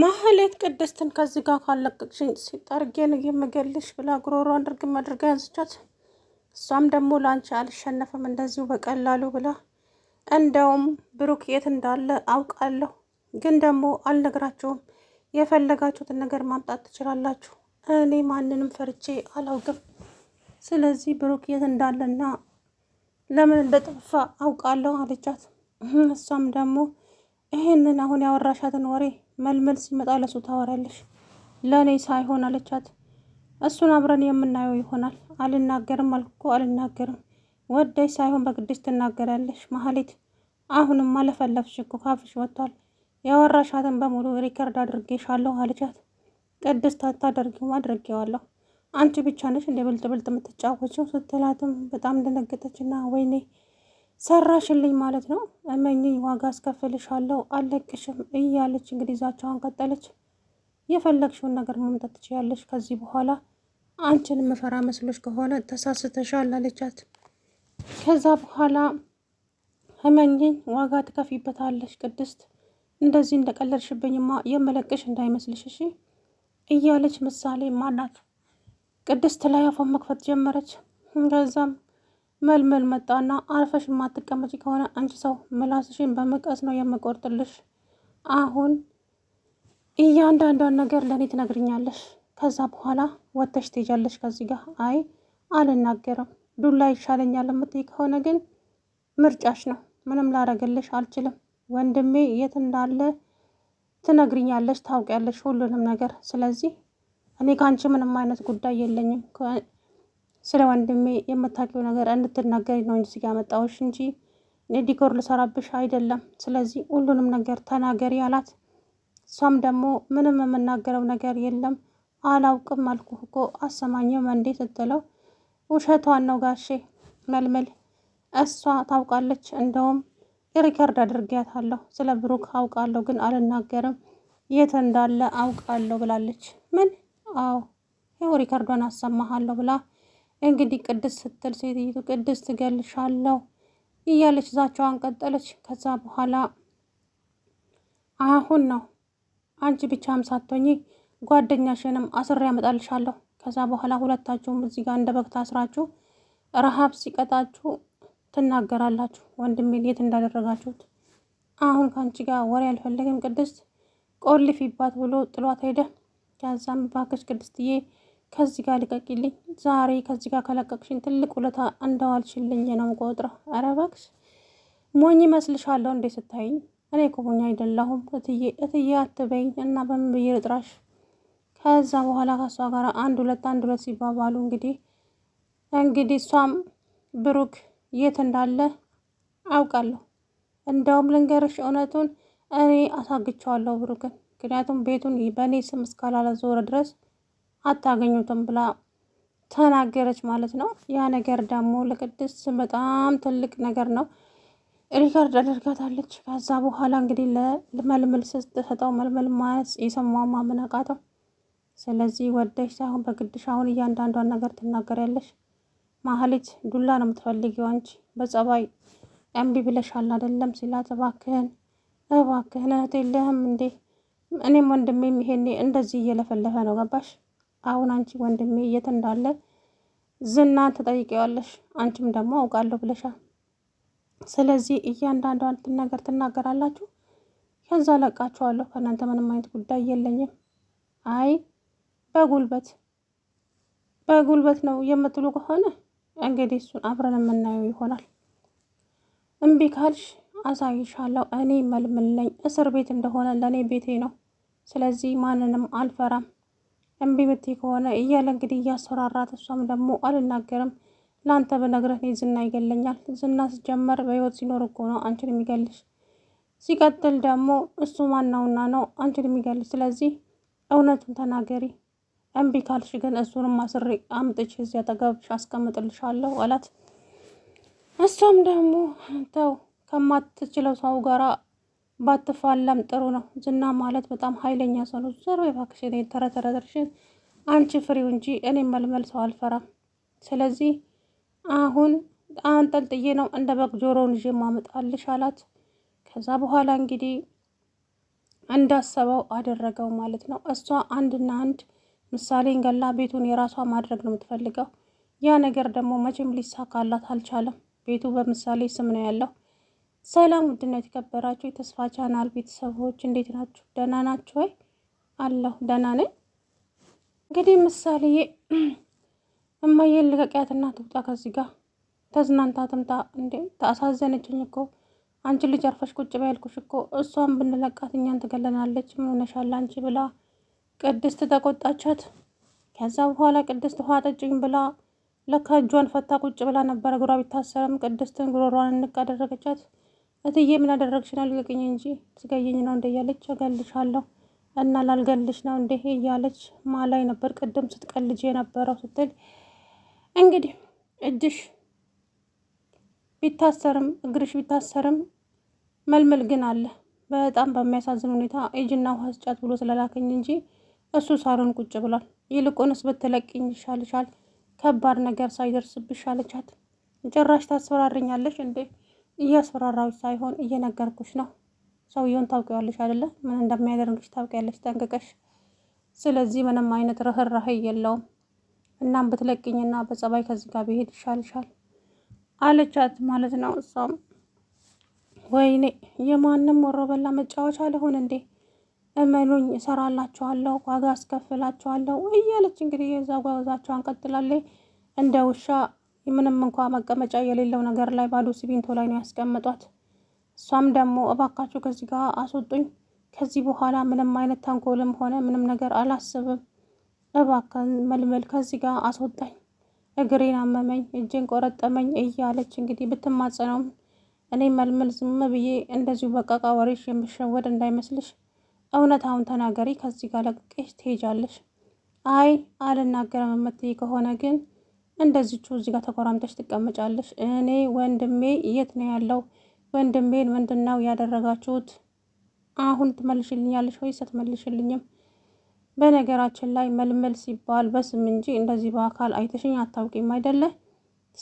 ማህሌት ቅድስትን ከዚህ ጋር ካለቀቅሽኝ ሲጠርጌን የምገልሽ ብላ ጉሮሮ ድርግም አድርጋ ያንስቻት። እሷም ደግሞ ለአንቺ አልሸነፍም እንደዚሁ በቀላሉ ብላ እንደውም ብሩክ የት እንዳለ አውቃለሁ፣ ግን ደግሞ አልነግራቸውም። የፈለጋችሁትን ነገር ማምጣት ትችላላችሁ። እኔ ማንንም ፈርቼ አላውቅም። ስለዚህ ብሩክ የት እንዳለና ለምን እንደጠፋ አውቃለሁ አለቻት። እሷም ደግሞ ይህንን አሁን ያወራሻትን ወሬ መልመል ሲመጣ ለሱ ታወራለሽ ለእኔ ሳይሆን አለቻት። እሱን አብረን የምናየው ይሆናል። አልናገርም አልኩ አልናገርም። ወደሽ ሳይሆን በግድሽ ትናገሪያለሽ ማህሌት። አሁንም አለፈለፍሽ እኮ ካፍሽ ወጥቷል። ያወራሻትን በሙሉ ሪከርድ አድርጌሻለሁ አለቻት። ቅድስት አታደርጊውም አድርጌዋለሁ። አንቺ ብቻ ነሽ እንደ ብልጥ ብልጥ የምትጫወችው ስትላትም በጣም ደነገጠችና ወይኔ ሰራሽልኝ ማለት ነው። እመኝኝ ዋጋ አስከፍልሻለሁ፣ አለቅሽም እያለች እንግዲህ ዛቻዋን ቀጠለች። የፈለግሽውን ነገር መምጠት ትችያለሽ። ከዚህ በኋላ አንቺን መፈራ መስሎች ከሆነ ተሳስተሻል አለቻት። ከዛ በኋላ እመኝኝ ዋጋ ትከፊበታለሽ ቅድስት፣ እንደዚህ እንደቀለድሽብኝማ የመለቅሽ እንዳይመስልሽ እሺ እያለች ምሳሌ ማናት ቅድስት ላይ አፏን መክፈት ጀመረች። ከዛም መልመል መጣና አርፈሽ የማትቀመጭ ከሆነ አንቺ ሰው ምላስሽን በመቀስ ነው የምቆርጥልሽ። አሁን እያንዳንዷን ነገር ለእኔ ትነግርኛለሽ። ከዛ በኋላ ወተሽ ትሄጃለሽ ከዚህ ጋር። አይ አልናገርም፣ ዱላ ይሻለኛል የምትይ ከሆነ ግን ምርጫሽ ነው። ምንም ላረግልሽ አልችልም። ወንድሜ የት እንዳለ ትነግርኛለሽ፣ ታውቂያለሽ ሁሉንም ነገር። ስለዚህ እኔ ከአንቺ ምንም አይነት ጉዳይ የለኝም። ስለ ወንድሜ የምታውቂው ነገር እንድትናገሪ ነው እንጂ ያመጣሁሽ እንጂ እኔ ዲኮር ልሰራብሽ አይደለም። ስለዚህ ሁሉንም ነገር ተናገሪ አላት። እሷም ደግሞ ምንም የምናገረው ነገር የለም አላውቅም አልኩ እኮ አሰማኝም እንዴ ስትለው ውሸቷን ነው ጋሼ መልመል እሷ ታውቃለች። እንደውም ሪከርድ አድርጊያታለሁ። ስለ ብሩክ አውቃለሁ ግን አልናገርም፣ የት እንዳለ አውቃለሁ ብላለች። ምን? አዎ ይኸው ሪከርዷን አሰማሃለሁ ብላ እንግዲህ ቅድስት ስትል ሴትይቱ ቅድስት ትገልሻለሁ እያለች ዛቸዋን ቀጠለች። ከዛ በኋላ አሁን ነው አንቺ ብቻም ሳትሆኚ ጓደኛሽንም አስሬ ያመጣልሻለሁ። ከዛ በኋላ ሁለታችሁም እዚህ ጋር እንደ በግ ታስራችሁ ረሃብ ሲቀጣችሁ ትናገራላችሁ፣ ወንድሜን የት እንዳደረጋችሁት። አሁን ከአንቺ ጋር ወሬ አልፈለግም ቅድስት ቆልፊባት ብሎ ጥሏት ሄደ። ከዛም እባክሽ ቅድስትዬ ከዚህ ጋር ልቀቂልኝ። ዛሬ ከዚህ ጋር ከለቀቅሽኝ ትልቅ ውለታ እንደዋልሽልኝ ነው ቆጥረ። ኧረ እባክሽ ሞኝ እመስልሻለሁ እንዴ ስታይኝ? እኔ እኮ ሞኝ አይደለሁም እትዬ እትዬ አትበይኝ እና በምን ብዬ ልጥራሽ? ከዛ በኋላ ከእሷ ጋር አንድ ሁለት አንድ ሁለት ሲባባሉ እንግዲህ እንግዲህ እሷም ብሩክ የት እንዳለ አውቃለሁ። እንደውም ልንገርሽ እውነቱን እኔ አሳግቸዋለሁ ብሩክን፣ ምክንያቱም ቤቱን በእኔ ስም እስካላለ ዞረ ድረስ አታገኙትም ብላ ተናገረች ማለት ነው። ያ ነገር ደግሞ ለቅድስት በጣም ትልቅ ነገር ነው። ሪከርድ አደርጋታለች። ከዛ በኋላ እንግዲህ ለመልመል ስትሰጠው መልመል ማለት የሰማ ማመን አቃተው። ስለዚህ ወደሽ ሳይሆን በግድሽ አሁን እያንዳንዷን ነገር ትናገሪያለሽ። ማህሌት ዱላ ነው የምትፈልጊው አንቺ በጸባይ እምቢ ብለሻል አይደለም ሲላት፣ እባክህን እባክህን እህት የለህም እንዴ? እኔም ወንድሜም ይሄኔ እንደዚህ እየለፈለፈ ነው ገባሽ አሁን አንቺ ወንድሜ የት እንዳለ ዝናን ትጠይቂዋለሽ። አንቺም ደግሞ አውቃለሁ ብለሻ ስለዚህ አንድ ነገር ትናገራላችሁ። ከዛ ለቃችኋለሁ። ከእናንተ ምንም አይነት ጉዳይ የለኝም። አይ በጉልበት በጉልበት ነው የምትሉ ከሆነ እንግዲህ እሱን አብረን የምናየው ይሆናል። እምቢ ካልሽ አሳይሻለሁ። እኔ መልምለኝ እስር ቤት እንደሆነ ለእኔ ቤቴ ነው። ስለዚህ ማንንም አልፈራም። እምቢ ብትይ ከሆነ እያለ እንግዲህ እያስፈራራት፣ እሷም ደግሞ አልናገርም ለአንተ በነግረህ እኔ ዝና ይገለኛል። ዝና ሲጀመር በህይወት ሲኖር እኮ ነው አንችን የሚገልሽ። ሲቀጥል ደግሞ እሱ ማናውና ነው አንችን የሚገልሽ። ስለዚህ እውነቱን ተናገሪ። እምቢ ካልሽ ግን እሱንም አስሬ አምጥቼ እዚህ አጠገብሽ አስቀምጥልሻለሁ አላት። እሷም ደግሞ ተው ከማትችለው ሰው ጋራ ባትፋላም ጥሩ ነው። ዝና ማለት በጣም ኃይለኛ ሰው ነው። ዘሮ የባክሽ ተረተረተርሽን አንቺ ፍሪው እንጂ እኔ መልመል ሰው አልፈራም። ስለዚህ አሁን አንጠልጥዬ ነው እንደ በግ ጆሮውን ይዤ ማመጣልሽ አላት። ከዛ በኋላ እንግዲህ እንዳሰበው አደረገው ማለት ነው። እሷ አንድና አንድ ምሳሌን ገላ ቤቱን የራሷ ማድረግ ነው የምትፈልገው። ያ ነገር ደግሞ መቼም ሊሳካላት አልቻለም። ቤቱ በምሳሌ ስም ነው ያለው። ሰላም ውድና የተከበራችሁ የተስፋ ቻናል ቤተሰቦች እንዴት ናችሁ? ደህና ናችሁ ወይ? አለሁ ደህና ነኝ። እንግዲህ ምሳሌ እማዬን ልቀቂያትና ትውጣ ከዚህ ጋር ተዝናንታ ትምጣ። እንዴ ተአሳዘነችኝ እኮ አንቺ ልጅ አርፈሽ ቁጭ በይ እኮ እሷን ብንለቃት እኛን ትገለናለች። ምን ሆነሻል አንቺ ብላ ቅድስት ተቆጣቻት። ከዛ በኋላ ቅድስት ውሃ ጠጭኝ ብላ ለካ እጇን ፈታ ቁጭ ብላ ነበረ። ጉሯ ቢታሰርም ቅድስትን ጉሮሯን እንቅ አደረገቻት። እትዬ ምን አደረግሽ ነው ልቀቅኝ እንጂ ስገየኝ ነው እንደ እያለች እገልሻለሁ እና ላልገልሽ ነው እንደ እያለች ማላይ ነበር ቅድም ስትቀልጅ የነበረው ስትል እንግዲህ እጅሽ ቢታሰርም እግርሽ ቢታሰርም መልመል ግን አለ። በጣም በሚያሳዝን ሁኔታ እጅና ውሃ ስጫት ብሎ ስለላከኝ እንጂ እሱ ሳሩን ቁጭ ብሏል። ይልቁንስ ብትለቅኝ ይሻልሻል፣ ከባድ ነገር ሳይደርስብሽ አለቻት። ጭራሽ ታስፈራርኛለሽ እንዴ እያስፈራራዎች ሳይሆን እየነገርኩሽ ነው። ሰውየውን ታውቂዋለሽ አይደለ? ምን እንደሚያደርግሽ ታውቂያለሽ ጠንቅቀሽ። ስለዚህ ምንም አይነት ርህራሄ የለውም። እናም ብትለቅኝና በጸባይ ከዚህ ጋር ብሄድ ይሻልሻል አለቻት ማለት ነው። እሷም ወይኔ የማንም ወሮበላ መጫወቻ አልሆን እንዴ? እመኑኝ እሰራላችኋለሁ፣ ዋጋ አስከፍላችኋለሁ እያለች እንግዲህ የዛ ጓዛቸዋን ቀጥላለች እንደ ውሻ ምንም እንኳ መቀመጫ የሌለው ነገር ላይ ባዶ ሲሚንቶ ላይ ነው ያስቀመጧት። እሷም ደግሞ እባካችሁ ከዚህ ጋር አስወጡኝ፣ ከዚህ በኋላ ምንም አይነት ተንኮልም ሆነ ምንም ነገር አላስብም፣ እባክን መልመል ከዚህ ጋር አስወጣኝ፣ እግሬን አመመኝ፣ እጄን ቆረጠመኝ እያለች እንግዲህ ብትማጸነውም እኔ መልመል ዝም ብዬ እንደዚሁ በቃቃ ወሬሽ የምሸወድ እንዳይመስልሽ እውነታውን ተናገሪ፣ ከዚህ ጋር ለቅቄሽ ትሄጃለሽ። አይ አልናገረም የምትይ ከሆነ ግን እንደዚቹ እዚህ ጋር ተኮራምተሽ ትቀመጫለሽ። እኔ ወንድሜ የት ነው ያለው? ወንድሜን ምንድን ነው ያደረጋችሁት? አሁን ትመልሽልኛለሽ ወይስ አትመልሽልኝም? በነገራችን ላይ መልመል ሲባል በስም እንጂ እንደዚህ በአካል አይተሽኝ አታውቂም አይደለ?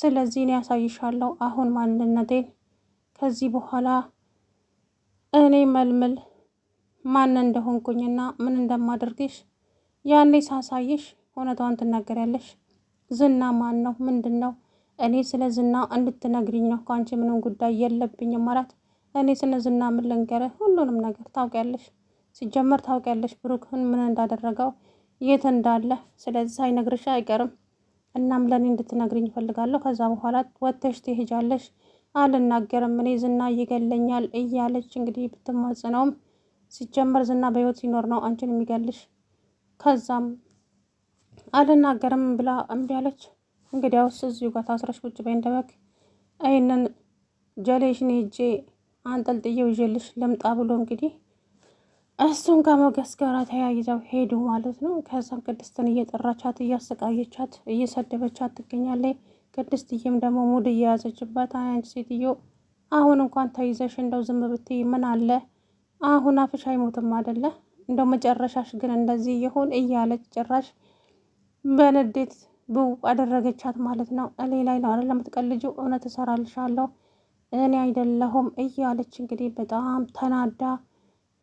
ስለዚህ እኔ ያሳይሻለሁ አሁን ማንነቴን። ከዚህ በኋላ እኔ መልምል ማን እንደሆንኩኝና ምን እንደማደርግሽ ያኔ ሳሳይሽ እውነቷን ትናገሪያለሽ። ዝና ማን ነው? ምንድን ነው? እኔ ስለ ዝና እንድትነግሪኝ ነው። ከአንቺ ምንም ጉዳይ የለብኝም ማለት እኔ ስለ ዝና ምን ልንገርህ? ሁሉንም ነገር ታውቂያለሽ። ሲጀመር ታውቂያለሽ ብሩክን ምን እንዳደረገው፣ የት እንዳለ። ስለዚህ ሳይነግርሽ አይቀርም። እናም ለእኔ እንድትነግሪኝ እፈልጋለሁ። ከዛ በኋላ ወተሽ ትሄጃለሽ። አልናገርም እኔ ዝና ይገለኛል እያለች እንግዲህ ብትማጽነውም ሲጀመር ዝና በህይወት ሲኖር ነው አንቺን የሚገልሽ። ከዛም አልናገርም ብላ እምቢ አለች። እንግዲያውስ እዚሁ ጋር ታስረሽ ቁጭ በይ እንደበግ። ይህንን ጀሌሽን ሄጄ አንጠልጥዬው ይዤልሽ ልምጣ ብሎ እንግዲህ እሱን ከሞገስ ጋር ተያይዘው ሄዱ ማለት ነው። ከዛም ቅድስትን እየጠራቻት እያሰቃየቻት እየሰደበቻት ትገኛለች። ቅድስትዬም ደግሞ ሙድ እየያዘችበት አንቺ ሴትዮ አሁን እንኳን ተይዘሽ እንደው ዝም ብትይ ምን አለ አሁን አፍሽ አይሞትም አይደለ? እንደው መጨረሻሽ ግን እንደዚህ ይሁን እያለች ጭራሽ በንዴት ብው አደረገቻት ማለት ነው። እሌ ላይ ነው አይደለም የምትቀልጂው፣ እውነት እሰራልሻለሁ እኔ አይደለሁም እያለች እንግዲህ በጣም ተናዳ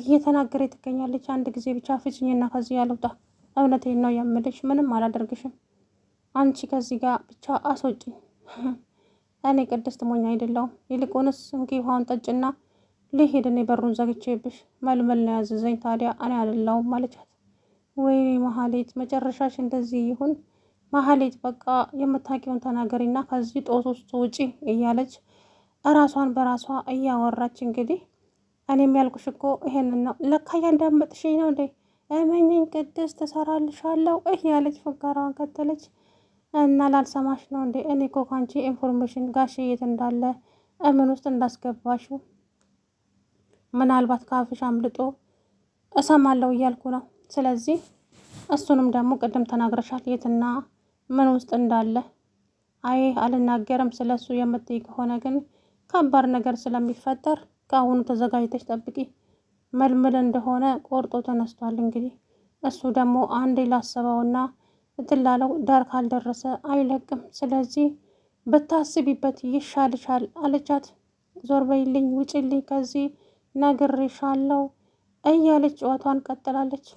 እየተናገረ ትገኛለች። አንድ ጊዜ ብቻ ፍጭኝና ከዚህ ያለውጣ፣ እውነቴን ነው የምልሽ፣ ምንም አላደርግሽም። አንቺ ከዚህ ጋር ብቻ አስወጪኝ። እኔ ቅድስት ሞኝ አይደለሁም። ይልቁንስ እንኪ ውሃውን ጠጭና ልሄድ፣ እኔ በሩን ዘግቼብሽ መልመል ነው ያዘዘኝ። ታዲያ እኔ አይደለሁም ማለቻት ወይኔ መሀሌት መጨረሻሽ እንደዚህ ይሁን። መሀሌት በቃ የምታውቂውን ተናገሪና ከዚህ ጦስ ውስጥ ውጪ እያለች እራሷን በራሷ እያወራች እንግዲህ እኔም ያልኩሽ እኮ ይሄንን ነው ለካ እያንዳመጥሽኝ ነው እንዴ? እመኝኝ ቅድስት ትሰራልሻለሁ እያለች ፉከራዋን ቀጠለች። እና ላልሰማሽ ነው እንዴ? እኔ እኮ ካንቺ ኢንፎርሜሽን ጋሽ የት እንዳለ እምን ውስጥ እንዳስገባሽው ምናልባት ካፍሽ አምልጦ እሰማለሁ እያልኩ ነው ስለዚህ እሱንም ደግሞ ቅድም ተናግረሻል፣ የትና ምን ውስጥ እንዳለ። አይ አልናገርም ስለ እሱ የምትይ ከሆነ ግን ከባድ ነገር ስለሚፈጠር ከአሁኑ ተዘጋጅተች ጠብቂ። መልምል እንደሆነ ቆርጦ ተነስቷል። እንግዲህ እሱ ደግሞ አንዴ ላሰበውና ትላለው ዳር ካልደረሰ አይለቅም። ስለዚህ ብታስቢበት ይሻልሻል አለቻት። ዞር በይልኝ፣ ውጭልኝ ከዚህ ነግሬሻለሁ እያለች ጨዋታዋን ቀጥላለች።